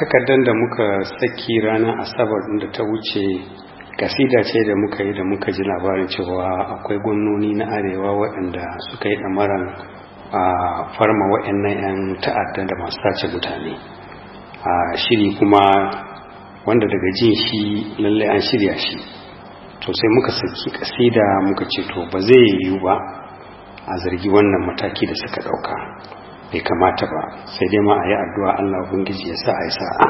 takardar da muka saki ranar asabar da ta wuce kasida ce da muka yi da muka ji labarin cewa akwai gwamnoni na arewa waɗanda suka yi ɗamaran a farma waɗannan 'yan ta'adda da masu sace mutane a shiri kuma wanda daga jin shi lallai an shirya shi to sai muka saki kasida muka ce to ba zai yiwu ba a zargi wannan mataki da suka ɗauka bai kamata ba sai dai ma a yi addu'a Allah ubangiji ya sa a yi sa'a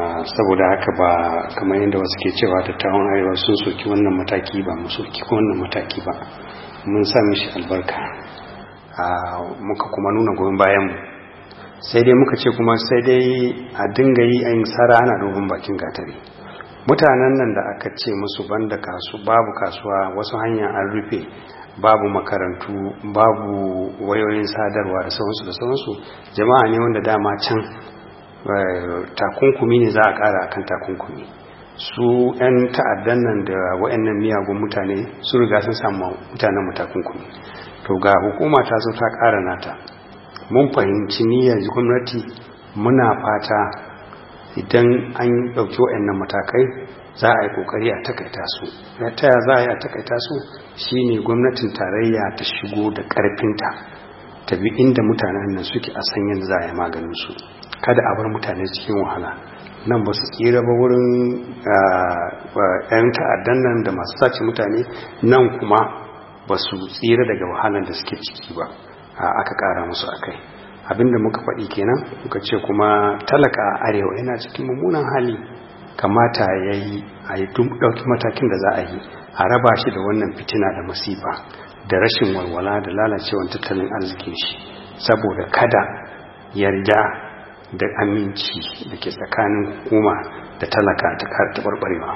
ah, saboda haka ba kamar yadda wasu ke cewa dattawan arewa sun soki wannan mataki ba mu soki ko wannan mataki ba mun sami shi albarka ah, muka kuma nuna goyon bayan mu sai dai muka ce kuma sai dai a dinga yi a yin sara ana dogon bakin gatari mutanen nan da aka ce musu banda kasu babu kasuwa wasu hanyar an rufe babu makarantu babu wayoyin sadarwa da sauransu da sauransu jama'a ne wanda dama can eh, takunkumi ne za a kara akan takunkumi su 'yan ta'addan nan da wa'annan miyagun mutane su riga sun samu mutanen mu takunkumi to ga hukuma ta zo ta kara nata mun fahimci niyyar gwamnati muna fata idan an ɗauki wa'annan matakai za a yi ƙoƙari a takaita su na taya za a yi a takaita su ne gwamnatin tarayya ta shigo da ƙarfinta ta bi inda mutanen nan suke a san za a yi maganin su kada a bar mutane cikin wahala nan ba su tsira ba wurin yan ta'addan nan da masu sace mutane nan kuma ba su tsira daga wahalar da suke ciki ba aka kara musu akai abinda muka faɗi kenan muka ce kuma talaka a arewa yana cikin mummunan hali kamata ya yi a yi ɗauki matakin da za a yi a raba shi da wannan fitina da masifa da rashin walwala da lalacewar tattalin arzikin shi saboda kada yarda da aminci da ke tsakanin hukuma da talaka ta kara barbarewa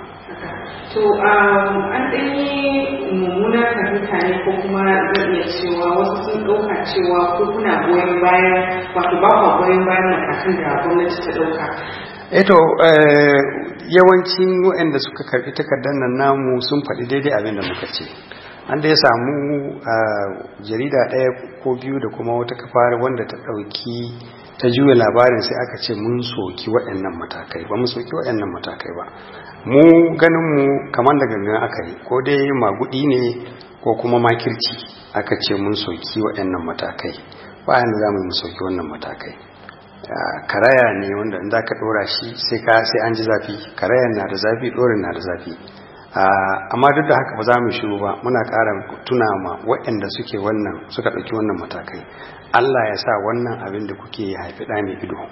to um, an ɗanyi mummuna ta mutane ko kuma zan iya cewa wasu sun ɗauka cewa ko kuna goyon bayan wato ba kwa goyon bayan matakan da gwamnati ta ɗauka eto eh eh, yawancin da suka karfi takardar nan namu sun faɗi daidai abin da muka ce an da ya samu ah, jarida ɗaya ko biyu da kuma wata kafar wanda ta ɗauki ta juya labarin sai aka ce mun soki waɗannan matakai ba sauki soki waɗannan matakai ba mu ganin mu kamar da gangan aka yi ko dai magudi ne ko kuma makirci aka ce mun soki waɗannan matakai ba yanda za mu yi soki wannan matakai karaya ne wanda in za ka ɗora shi sai ka sai an ji zafi karayan na da zafi ɗorin na da zafi Ah, amma duk da haka ba za mu shiru ba muna ƙara tuna ma waɗanda suke wannan suka ɗauki wannan matakai Allah ya sa wannan abin da kuke haifi ɗa mai ido